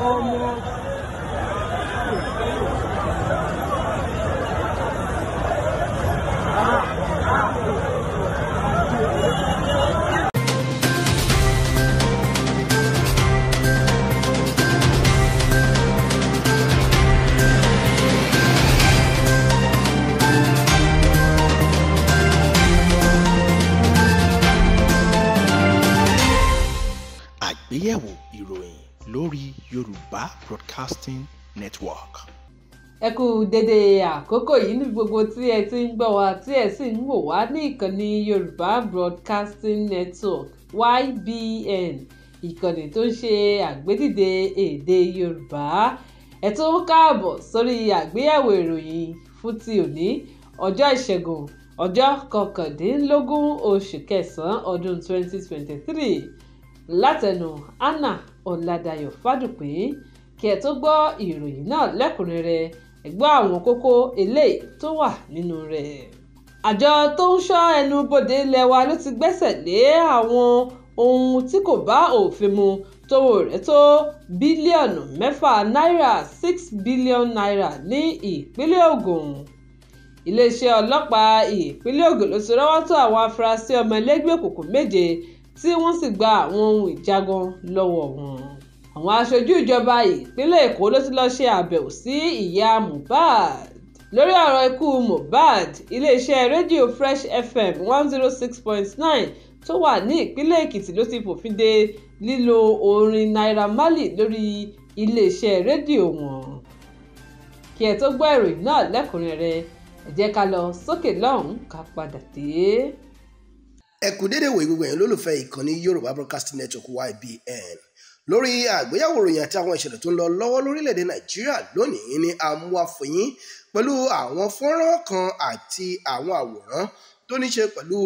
almost àgbéyẹ̀wò ìròyìn lórí Yorùbá Broadcasting Network. ẹ kú dédé àkókò yìí ní gbogbo tí ẹ ti ń gbọ́ wa tí ẹ sì ń wò wá ní ìkànnì Yorùbá Broadcasting Network YBN ìkànnì tó ń ṣe àgbédìde èdè Yorùbá ẹ tún káàbọ̀ sórí àgbéyẹ̀wò ìròyìn fún ti òní ọjọ́ ìṣẹ́gun ọjọ́ kọkàndínlógún oṣù kẹsàn-án ọdún 2023 látẹnu Anna ọ̀làdàyọ̀ fádùpé kí ẹ tó gbọ́ ìròyìn náà lẹ́kùnrẹ́rẹ́ ẹ gbọ́ àwọn kókó eléyìí tó wà nínú rẹ̀. àjọ tó ń ṣọ́ ẹnu bodè ilẹ̀ wa ló ti gbẹ́sẹ̀ lé àwọn ohun tí kò bá òfin mu tówó rẹ̀ tó bílíọ̀nù mẹ́fà náírà six billion naira ní ìpínlẹ̀ Ògùn iléeṣẹ́ ọlọ́pàá ìpínlẹ̀ Ògùn ló ti rọ́wọ́ tó àwọn afurasí ọmọ ẹlẹ́gbẹ́ òkùnkùn méje tí wọ́n sì gba àwọn ohun ìjagun lọ́wọ́ wọn. àwọn aṣojú ìjọba ìpínlẹ̀ èkó ló ti lọ́ọ́ ṣe àbẹ̀wò sí ìyá Mohbad lórí ọ̀rọ̀ ikú Mohbad iléeṣẹ́ rédíò Fresh FM one zero six point nine tó wà ní ìpínlẹ̀ èkìtì ló ti fòfin de lílo orin Naira Marley lórí iléeṣẹ́ rédíò wọn kí ẹ tó gbọ́ ìròyìn náà lẹ́kùnrin rẹ ẹ jẹ́ ká lọ sókè lọ́hùn-ún ká padà dé ẹ kú dédé wòye gbogbo ẹ̀yin lólùfẹ́ ìkànnì Yorùbá Broadcasting Network YBN lórí àgbéyẹ̀wò ìròyìn àti àwọn ìṣẹ̀lẹ̀ tó ń lọ lọ́wọ́ lórílẹ̀‐èdè Nàìjíríà lónìí ni a mú wá fún yín pẹ̀lú àwọn fọ́nrán kan àti àwọn àwòrán tó ní ṣe pẹ̀lú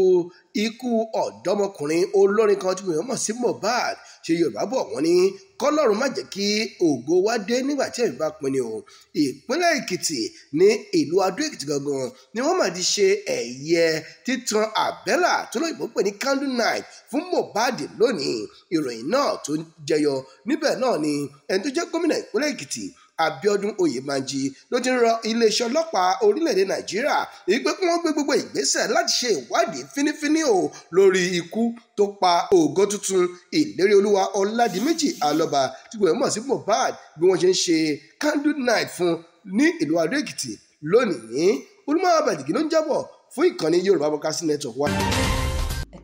ikú ọ̀dọ́mọkùnrin olórin kan tí wọ́n mọ̀ sí Mohbad ṣe Yorùbá bọ̀ wọ́n ní kọ́lọ́run má jẹ́ kí ògo wá dé nígbà tí ẹ̀mí bá pinni o ìpínlẹ̀ èkìtì ní ìlú adó èkìtì gangan ni wọ́n máa ti ṣe ẹ̀yẹ títan àbẹ́là tó lóyìnbó pè ní candle night fún mohbad lónìí ìròyìn náà tó jẹyọ níbẹ̀ náà ni ẹni tó jẹ́ gómìnà ìpínlẹ̀ èkìtì Abíọ́dún Oyèbánjí ló ti ń rọ iléeṣẹ́ ọlọ́pàá orílẹ̀-èdè Nàìjíríà wípé kí wọ́n gbé gbogbo ìgbésẹ̀ láti ṣe ìwádìí fínífíní o lórí ikú tó pa ògo tuntun ìlérí olúwa Ọládìméjì Alọ́ba tí gbogbo ẹ̀ mọ̀ sí Mohbad bí wọ́n ṣe ń ṣe candle night fún ní ìlú Adó-Èkìtì lónìí Olúmọ Bàdìgí ló ń jábọ̀ fún ìkànnì Yorùbá Broadcasting Network wa.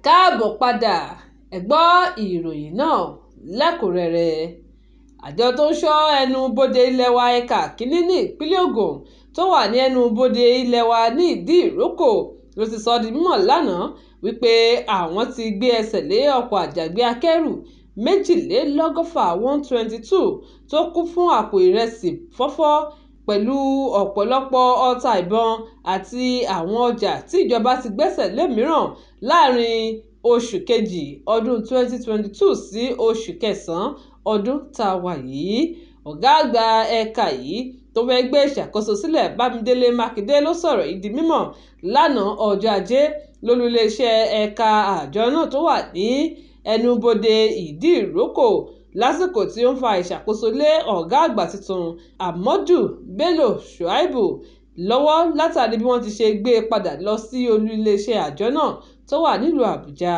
káàbọ̀ padà ẹ gbọ́ ìròyìn náà lẹ́kùnrẹ́rẹ́ àjọ tó ń sọ ẹnu-bodè ilé wa ẹ̀ka kìnínní nípìnlẹ̀ ogun tó wà ní ẹnu-bodè ilé wa ní ìdíròkọ ló ti sọ di mímọ̀ lánàá wípé àwọn ti gbé ẹsẹ̀ lé ọkọ̀ àjàgbé akẹ́rù méjìlélọ́gọ́fà one twenty two tó kún fún àpò ìrẹsì fọ́fọ́ pẹ̀lú ọ̀pọ̀lọpọ̀ ọta ìbọn àti àwọn ọjà tí ìjọba ti gbẹ́sẹ̀ lé mìíràn láàrin oṣù kejì ọdún twenty twenty two sí oṣù kẹsàn-án ọdún tá a wà yìí ọ̀gá àgbà ẹ̀ka yìí tó fẹ́ gbé ìṣàkóso sílẹ̀ bámidélé mákindé ló sọ̀rọ̀ yìí di mímọ̀ lánàá ọjọ́ ajé lólú iléeṣẹ́ ẹ̀ka àjọ náà tó wà ní ẹnubodè ìdíròkọ lásìkò tí ó ń fa ìṣàkóso lé ọ̀gá àgbà tuntun ahmadu bello shuaibu lọ́wọ́ látàrí bí wọ́n ti ṣe gbé e padà lọ sí olú iléeṣẹ́ àjọ náà tó wà nílùú àbújá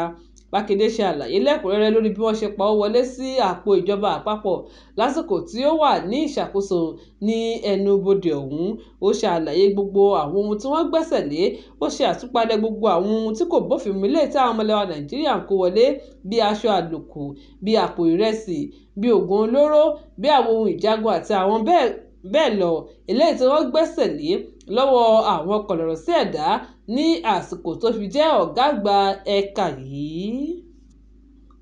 mákindé ṣe àlàyé lẹ́kùnrẹ́rẹ́ lórí bí wọ́n ṣe pa owó wọlé sí àpò ìjọba àpapọ̀ lásìkò tí ó wà ní ìṣàkóso ní ẹnubodè ọ̀hún ó ṣe àlàyé gbogbo àwọn ohun tí wọ́n gbẹ́sẹ̀ lé ó ṣe àtúpalẹ̀ gbogbo àwọn ohun tí kò bófin mu eléyìí tí àwọn ọmọlẹ́wà nàìjíríà ń kó wọlé bíi aṣọ àlòkù bíi àpò ìrẹsì bíi oògùn olóró bíi àwọn ohun ìjagun àti àwọn bẹ́ẹ̀ bẹ́ẹ̀ lọ eléyìí tí wọ́n gbẹ́sẹ̀ lé lọ́wọ́ àwọn kọ̀lọ̀rọ̀ sí ẹ̀dá ní àsìkò tó fi jẹ́ ọ̀gá àgbà ẹ̀ka yìí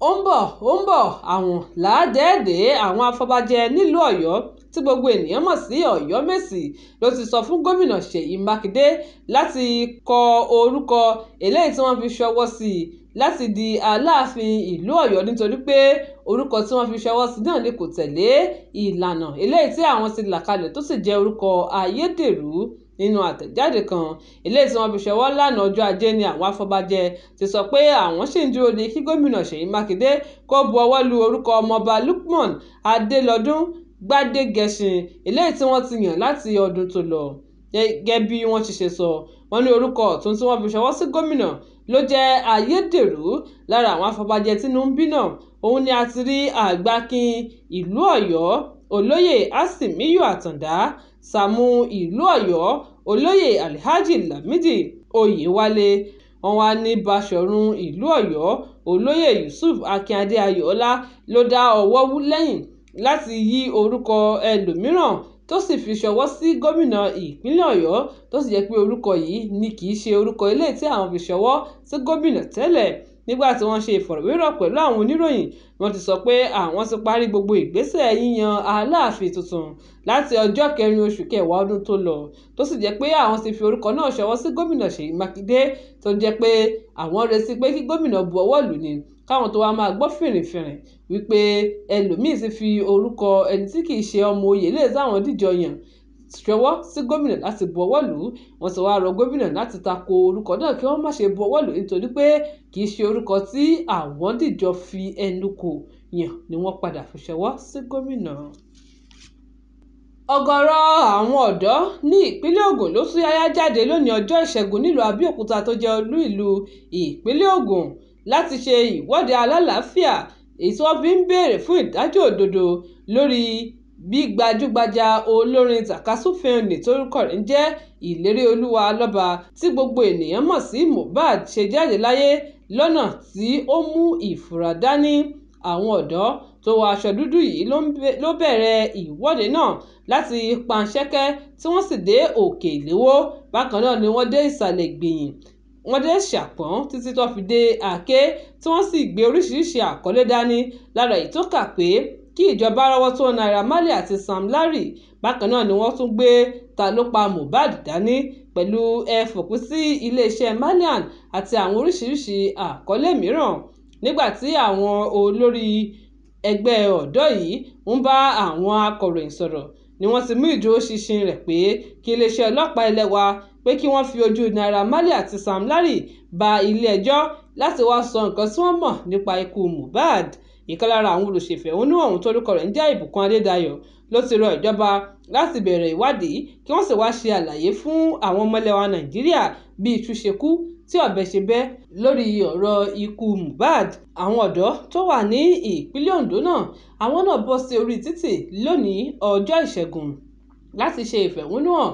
ó ń bọ̀ ó ń bọ̀ àwọn làádẹ́ẹ̀dẹ́ àwọn afọbajẹ nílùú ọ̀yọ́ tí gbogbo ènìyàn mọ̀ sí ọ̀yọ́mèsì ló ti sọ fún gómìnà ṣèyí mákindé láti kọ orúkọ eléyìí tí wọ́n fi ṣọwọ́ sí i láti di aláàfin ìlú ọ̀yọ́ nítorí pé orúkọ tí wọ́n fi ṣọwọ́ sí náà ni kò tẹ̀lé ìlànà eléyìí tí àwọn ti là kalẹ̀ tó sì jẹ́ orúkọ ayédèrú nínú àtẹ̀jáde kan eléyìí tí wọ́n fi ṣọwọ́ lánàá ọjọ́ ajé ni àwọn afọbajẹ ti sọ pé àwọn ṣì ń dúró de kí gómìnà ṣèyí mákindé kó bu ọwọ́ lu orúkọ ọmọọba lukman adélọ́dún gbádégẹṣin eléyìí tí wọ́n ti yàn láti ọdún tó lọ gẹ́gẹ́ bí wọ́n ti ṣe sọ wọ́n ní orúkọ ọ̀tún tí wọ́n fi ṣọwọ́ sí gómìnà ló jẹ́ ayédèrú lára àwọn afọbajẹ tínú ń bí òun ni a ti rí àgbákin ìlú ọ̀yọ́ olóyè asimiyu àtàndá sàmù ìlú ọ̀yọ́ olóyè alhaji lamidi oyewale wọn wàá ní báṣọ̀run ìlú ọ̀yọ́ olóyè yusuf akínádé ayọ̀ọ́lá ló dá ọwọ́ lẹ́yìn láti yí orúkọ ẹlòmíràn tó sì fi ṣọwọ́ sí gómìnà ìpínlẹ̀ ọ̀yọ́ tó sì jẹ́ pé orúkọ yìí ni kì í ṣe orúkọ eléyìí tí àwọn fi ṣọwọ́ sí gómìnà tẹ́lẹ̀ nígbà tí wọ́n ṣe ìfọ̀rọ̀wérọ̀ pẹ̀lú àwọn oníròyìn wọ́n ti sọ pé àwọn ti parí gbogbo ìgbésẹ̀ yíyan aláàfin tuntun láti ọjọ́ kẹrin oṣù kẹwàá ọdún tó lọ tó sì jẹ́ pé àwọn ti fi orúkọ náà ṣọwọ́ sí gómìnà ṣèyí mákindé tó jẹ́ pé àwọn retí pé kí gómìnà bu ọwọ́ lù ni káwọn tó wá máa gbọ́ fìrìfìrì wípé ẹlòmíín ti fi orúkọ ẹni tí kì í ṣe ọmọ oyè lè e sáwọn díjọ yàn ṣọwọ́ sí gómìnà láti bu ọwọ́ lù ú wọ́n ti wáá rọ gómìnà láti tako orúkọ náà kí wọ́n má ṣe bu ọwọ́ lù ú nítorí pé kì í ṣe orúkọ tí àwọn dìjọ fi ẹnu kò yàn ni wọ́n padà fi ṣọwọ́ sí gómìnà ọ̀gọ̀rọ̀ àwọn ọ̀dọ́ ní ìpínlẹ̀ Ògùn ló tú yáyá jáde lónìí ọjọ́ ìṣẹ́gun nílùú Abẹ́òkúta tó jẹ́ olú ìlú ìpínlẹ̀ Ògùn láti ṣe ìwọ́de alálàáfíà èyí tí wọ́n fi ń béèrè fún ìdájọ́ òdodo lórí bí gbajúgbajà olórin tàkasúfèé nni tórúkọ rẹ̀ ń jẹ́ ìléríolúwa lọ́ba tí gbogbo ènìyàn mọ̀ sí mohbad ṣe jáde láyé lọ́nà tí ó mú ìfura dání àwọn ọ̀dọ́ tó wọ aṣọ dúdú yìí ló bẹ̀rẹ̀ ìwọ́de náà láti panṣẹ́kẹ́ tí wọ́n sì dé òkè ìléwó bákan náà ni wọ́n dé ìsàlẹ̀ ìgbìyìn wọ́n dé ṣàpọ́n títí tó fi dé àké tí wọ́n sì gbé oríṣiríṣi àkọlé dání lára èyí kà pé kí ìjọba rọ́wọ́ tó naira marley àti sam larry bákan náà ni wọ́n tún gbé ta ló pa mohbad dání pẹ̀lú ẹ fòpin sí iléeṣẹ́ marlian àti àwọn oríṣiríṣi àkọlé mìíràn nígbà tí àwọn olórí ẹgbẹ́ ọ̀dọ́ yìí ń bá àwọn akọ̀ròyìn sọ̀rọ̀ ni wọ́n ti mú ìdúró ṣinṣin rẹ̀ pé kí iléeṣẹ́ ọlọ́pàá ilé wa pé kí wọ́n fi ojú naira marley àti sam larry ba ilé-ẹjọ́ láti wáá sọ nǹkan tí wọ́n mọ̀ nípa ikú mohbad ìkan lára àwọn olùṣèfẹ̀hónú ọ̀hún torúkọ rẹ̀ ń jẹ́ ìbùkún adédayọ̀ ló ti rọ ìjọba láti bẹ̀rẹ̀ ìwádìí kí wọ́n sì wáá ṣe àlàyé fún àwọn ọmọlẹ́wà nàìjíríà bí itú ṣe kú tí ọ̀bẹ ṣe bẹ́ lórí ọ̀rọ̀ ikú Mohbad àwọn ọ̀dọ́ tó wà ní ìpínlẹ̀ Ondo náà àwọn náà bọ́ sí orí títì lónìí ọjọ́ ìṣẹ́gun láti ṣe ìfẹ̀hónúhàn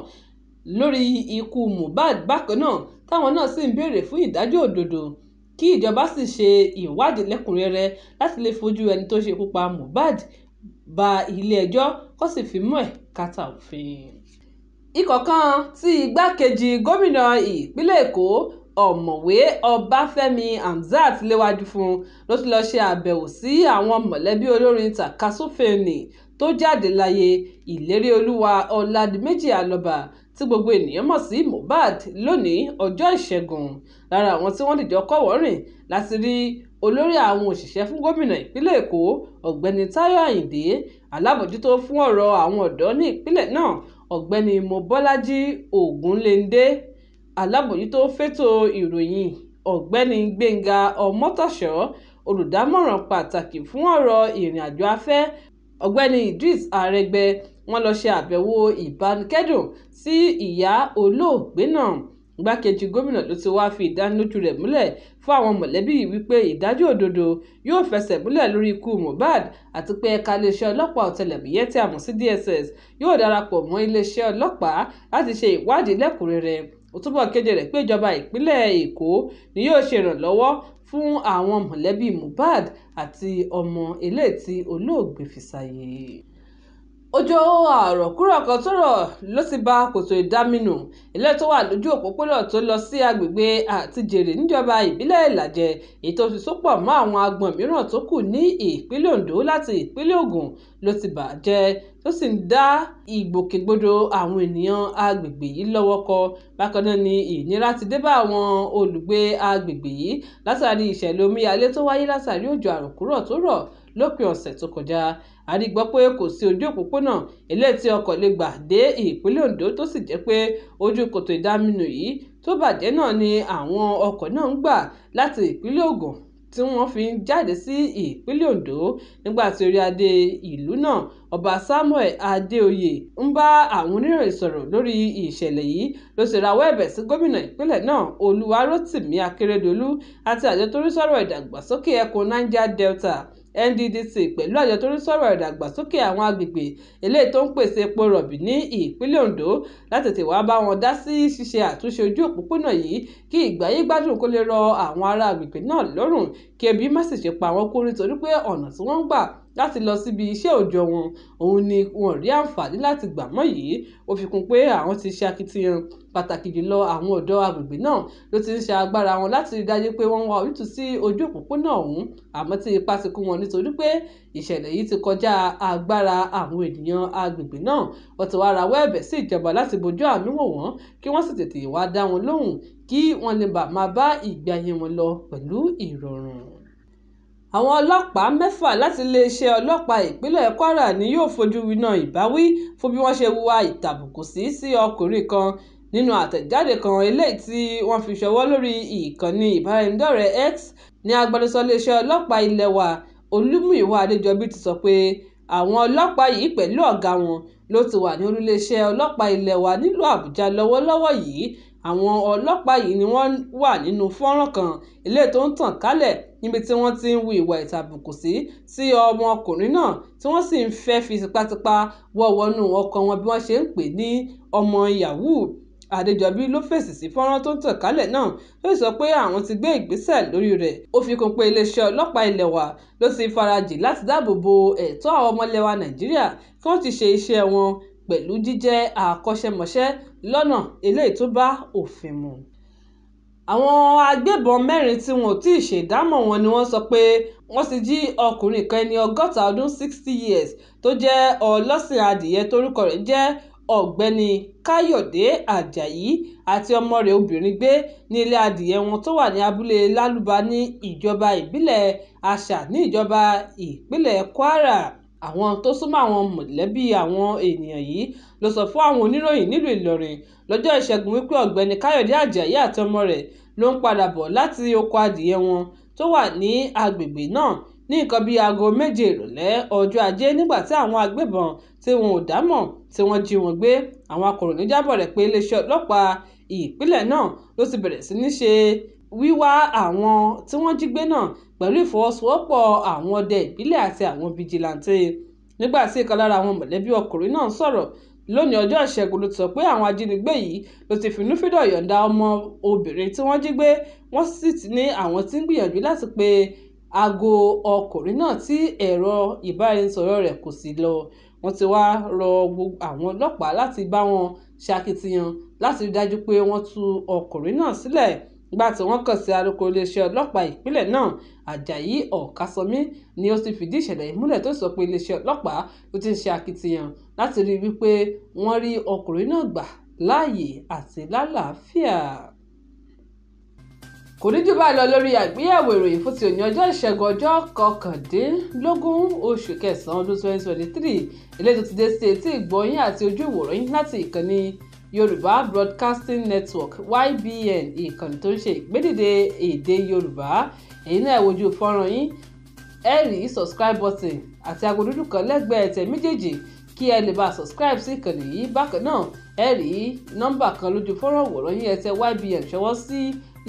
lórí ikú Mohbad bákan náà táwọn náà sì ń béèrè fún ìdájọ́ òdodo kí ìjọba sì ṣe ìwádìí lẹ́kùn-ún-rẹ́rẹ́ láti lè fojú ẹni tó ṣekú pa mohbad bá ilé-ẹjọ́ kó sì fimú ẹ̀ kàtà òfin ikọ̀ kan tí igbákejì gómìnà ìpínlẹ̀ èkó ọ̀mọ̀wé ọbáfẹ́mi hamzat léwájú fún ló ti lọ́ọ́ ṣe àbẹ̀wò sí àwọn mọ̀lẹ́bí olórin tàkasúfèénì tó jáde láyé ìlérí olúwa ọ̀làdìmẹ́jì alọ́ba tí gbogbo ènìyàn mọ̀ sí Mohbad lónìí ọjọ́ ìṣẹ́gun lára àwọn tí wọ́n dìjọ kọ́wọ̀ọ́rìn láti rí olórí àwọn òṣìṣẹ́ fún gómìnà ìpínlẹ̀ èkó ọ̀gbẹ́ni táyọ̀ àyíndé alábòjútó fún ọ̀rọ̀ àwọn ọ̀dọ́ ní ìpínlẹ̀ náà ọ̀gbẹ́ni mobọ́lájí ògúnléndé alábòjútó fétò ìròyìn ọ̀gbẹ́ni gbénga ọmọ́tọ̀ṣọ́ olùdámọ̀ràn pàtàkì fún ọ̀rọ̀ ìrìn àjò afẹ́ ọ̀gbẹ́ni idris arẹgbẹ wọn lọ ṣe àbẹ̀wò ìbánikẹ́dùn sí ìyá olóògbé náà igbákejì gómìnà ló ti wáá fi ìdánilójú rẹ̀ múlẹ̀ fún àwọn mọ̀lẹ́bí wípé ìdájọ́ òdodo yóò fẹsẹ̀ múlẹ̀ lórí ikú mohbad àti pé ẹ̀ka iléeṣẹ́ ọlọ́pàá ọ̀tẹlẹ̀múyẹ́ tí a mọ̀ sí DSS yóò darapọ̀ mọ́ iléeṣẹ́ ọlọ́pàá láti ṣe ìwádìí lẹ́kùnrẹ́rẹ́ ó túbọ̀ kéde rẹ̀ pé ìjọba ìpínlẹ̀ èkó ni yóò ṣe ìrànlọ́wọ́ fún àwọn mọ̀lẹ́bí mohbad àti ọmọ eléyìí tí olóògbé fi sáyé òjò àròkúrò kan tó rọ̀ ló ti ba kòtò ìdaminù ilé tó wà lójú òpópónà tó lọ sí agbègbè àtijèrè níjọba ìbílẹ̀ ìlàjẹ èyí tó ti sopọ̀ mọ́ àwọn agbọ̀n mìíràn tó kù ní ìpínlẹ̀ ondo láti ìpínlẹ̀ ògùn ló ti bà jẹ́ tó sì ń dá ìgbòkègbodò àwọn ènìyàn agbègbè yìí lọ́wọ́ kọ bákan náà ni ìnira ti dé bá àwọn olùgbé agbègbè yìí látàrí ìṣẹ̀lẹ̀ omíyalé tó wáyé látàrí òjò àròkúrò tó rọ̀ lópin ọ̀sẹ̀ tó kọjá a rí gbọ́ pé kò sí ojú òpópónà eléyìí tí ọkọ̀ lè gbà dé ìpínlẹ̀ Ondo tó sì jẹ́ pé ojú kòtò ìdaminù yìí tó bàjẹ́ náà ni àwọn ọkọ̀ náà ń gbà láti ìpínlẹ̀ Ògùn tí wọ́n fi ń jáde sí ìpínlẹ̀ Ondo nígbà tí orí adé ìlú náà ọba Samuel Adéoyè ń bá àwọn oníròyìn sọ̀rọ̀ lórí ìṣẹ̀lẹ̀ yìí ló sì rawọ́ ẹ̀bẹ̀ sí gómìnà ìpínlẹ̀ náà Olúwarótìmí Akérédolú àti àjọ tó rí sọ̀rọ̀ ìdàgbàsókè ẹkùn Niger Delta nddc pẹ̀lú àjọ tó ń rí sọ̀rọ̀ ìdàgbàsókè àwọn agbègbè eléyìí tó ń pèsè epo rọ̀bì ní ìpínlẹ̀ ondo láti tètè wá bá wọn dá sí ṣíṣe àtúnṣe ojú òpópónà yìí kí ìgbáyégbádùn kó lè rọ àwọn ará agbègbè náà lọ́rùn kí ebi má sì ṣe pa wọ́n kú nítorí pé ọ̀nà tí wọ́n ń gbà láti lọ síbi iṣẹ́ òòjọ́ wọn òun ni wọn ò rí àǹfààní láti gbà mọ́ yìí ó fi kún pé àwọn ti ṣe akitiyan pàtàkì jùlọ àwọn ọ̀dọ́ agbègbè náà ló ti ń sa agbára wọn láti rí dájú pé wọ́n ń wá ojútùú sí ojú òpópónà ọ̀hún àmọ́ tí ipá ti kún wọn nítorí pé ìṣẹ̀lẹ̀ yìí ti kọjá agbára àwọn ènìyàn agbègbè náà wọ́n ti wá rawọ́ ẹ̀bẹ̀ sí ìjọba láti bojú àánú wò wọ́n kí wọ́n sì tètè wá dá wọn lóhùn kí wọ́n lè bá máa bá ìgbé ayé wọn lọ pẹ̀lú ìrọ̀rùn àwọn ọlọ́pàá mẹ́fà láti iléeṣẹ́ ọlọ́pàá ìpínlẹ̀ kwara ni yóò fojú winá ìbáwí fún bí wọ́n ṣe hùwà ìtàbùkù sí sí ọkùnrin kan nínú àtẹ̀jáde kan eléyìí tí wọ́n fi ṣọwọ́ lórí ìkànnì ìbánidọ́rẹ̀ẹ́ x ní agbẹnusọ iléeṣẹ́ ọlọ́pàá ilé wa olúmúyíwá àdéjọbí ti sọ pé àwọn ọlọ́pàá yìí pẹ̀lú ọ̀gá wọn ló ti wà ní olú iléeṣẹ́ ọlọ́pàá ilé wa nílùú àbújá lọ́wọ́lọ́wọ́ yìí àwọn ọlọ́pàá yìí ni wọ́n wà nínú fọ́nrán kan eléyìí tó ń tàn kálẹ̀ níbi tí wọ́n ti ń hu ìwà ìtàbùkù sí sí ọmọkùnrin náà tí wọ́n sì ń fẹ́ fi tipátipá wọ́ wọnú ọkọ wọn bí wọ́n ṣe ń pè ní ọmọ yahoo Adéjọbí ló fèsì sí fọ́nrán tó ń tàn kálẹ̀ náà ó sọ pé àwọn ti gbé ìgbésẹ̀ lórí rẹ̀ ó fi kún pé iléeṣẹ́ ọlọ́pàá ilẹ̀ wa ló ti farajìn láti dáàbò bo ẹ̀tọ́ àwọn ọmọ ilẹ̀ wa Nàìjíríà kí wọ́n ti ṣe iṣẹ́ wọn pẹ̀lú jíjẹ́ akọ́ṣẹ́mọṣẹ́ lọ́nà eléyìí tó bá òfin mu àwọn agbébọn mẹ́rin tí wọn ò tí ì ṣèdámọ̀ wọn ni wọ́n sọ pé wọ́n ti jí ọkùnrin kan ẹni ọgọ́ta ọdún sixty years tó jẹ́ ọlọ́sìn adìyẹ torúkọ rẹ̀ jẹ́ ọ̀gbẹ́ni káyọ̀dé ajayi àti ọmọ rẹ̀ obìnrin gbé ní ilé adìyẹ wọn tó wà ní abúlé lálùbá ní ìjọba ìbílẹ̀ àṣà ní ìjọba ìpínlẹ̀ kwara àwọn tó súnmọ́ àwọn mọ̀lẹ́bí àwọn ènìyàn yìí ló sọ fún àwọn oníròyìn nílùú ìlọrin lọ́jọ́ ìṣẹ́gun wípé ọ̀gbẹ́ni káyọ̀dé ajayi àtọmọ rẹ̀ ló ń padà bọ̀ láti oko adìẹ wọn tó wà ní agbègbè náà ní nǹkan bíi aago méje ìrọ̀lẹ́ ọjọ́ ajé nígbà tí àwọn agbébọn tí wọn ò dá mọ̀ tí wọ́n jí wọn gbé àwọn akọ̀ròyìn jábọ̀ rẹ̀ pé iléeṣẹ́ ọlọ́pàá ìpínlẹ̀ náà ló ti bẹ̀rẹ̀ sí ní ṣe wíwá àwọn tí wọ́n jí gbé náà pẹ̀lú ìfọwọ́sowọ́pọ̀ àwọn ọdẹ ìbílẹ̀ àti àwọn fijilantànté nígbà tí ìkan lára àwọn mọ̀lẹ́bí ọkùnrin náà sọ̀rọ̀ lónìí ọjọ́ ìṣẹ́gun ló sọ pé àwọn ajínigbé yìí ló ti finúfíndọ̀ yọ̀ǹda ọmọ obìnrin tí wọ́n jí gbé wọ́n sì ní àwọn tí ń gbìyànjú láti pe aago ọkùnrin náà tí ẹ̀rọ ìbáraẹnisọ̀rọ̀ rẹ̀ kò sì lọ wọ́n ti wá rọ àwọn ọlọ́pàá láti bá wọn ṣakitiyan láti rí dájú pé wọ́n tú ọkùnrin náà sílẹ̀ nígbà tí wọ́n kàn sí alūkkóró iléeṣẹ́ ọlọ́pàá ìpínlẹ̀ náà ajayi ọ̀kásánmi ni ó ti fìdí ìṣẹ̀lẹ̀ yìí múlẹ̀ tó sọ pé iléeṣẹ́ ọlọ́pàá ló ti ń ṣe akitiyan láti rí i wípé wọ́n rí ọkùnrin náà gbà láàyè àti lálàáfíà kò ní jù báyìí lọ lórí àgbéyẹ̀wò ìròyìn fún ti òní ọjọ́ ìṣẹ́gun ọjọ́ kọkàndínlógún oṣù kẹsàn-án ọdún twenty twenty three eléyìí tó ti dé sí etí ìgbọ̀nyín àti ojú ìwòrán yín láti ìkànnì yorùbá broadcasting network ybn ìkànnì tó ń ṣe ìgbédìde èdè yorùbá èyí náà wojú fọ́nrán yín ẹ rí subscribe button àti aago dúdú kan lẹ́gbẹ̀ẹ́ tẹ̀ méjèèjì kí ẹ lè bá subscribe sí ìkànnì yìí bákan náà ẹ rí nọ́mbà kan lójú fọ́nrán wòrán yín ẹ tẹ ybn ṣọwọ́ sí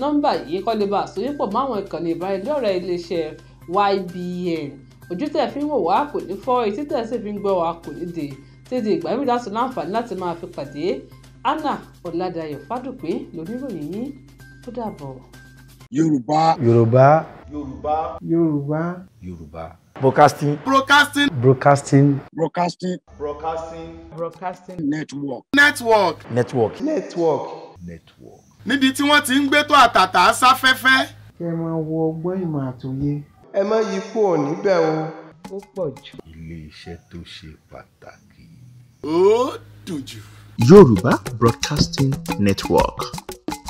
nọ́mbà yìí kọ́ lè bá àsọyépọ̀ máwọn ìkànnì ìbánidọ́rẹ̀ẹ́ iléeṣẹ́ ybn ojú tẹ̀ fi ń wò wá kò ní fọ́ etí tẹ̀ sì fi ń gbọ́ wá kò ní dé títí ìgbà mìíràn sọ láǹfààní láti máa fi pàdé anna ọ̀làdàyọ̀ fádùpé lóníròyìn yín ó dàbọ̀. yorùbá yorùbá yorùbá yorùbá yorùbá broadcasting broadcasting broadcasting broadcasting broadcasting broadcasting network network network network network. níbi tí wọ́n ti ń gbé tó àtàtà sáfẹ́fẹ́. kẹ́ ẹ máa wo ọgbọ́n ìmọ̀ àtòyé. ẹ má yí kúrò níbẹ̀ o. ó pọ̀ jù. ilé iṣẹ́ tó ṣe pàtàkì. ó dùn jù. Yorùbá Broadcasting Network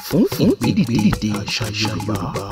fún ìgbédìde àṣà Yorùbá.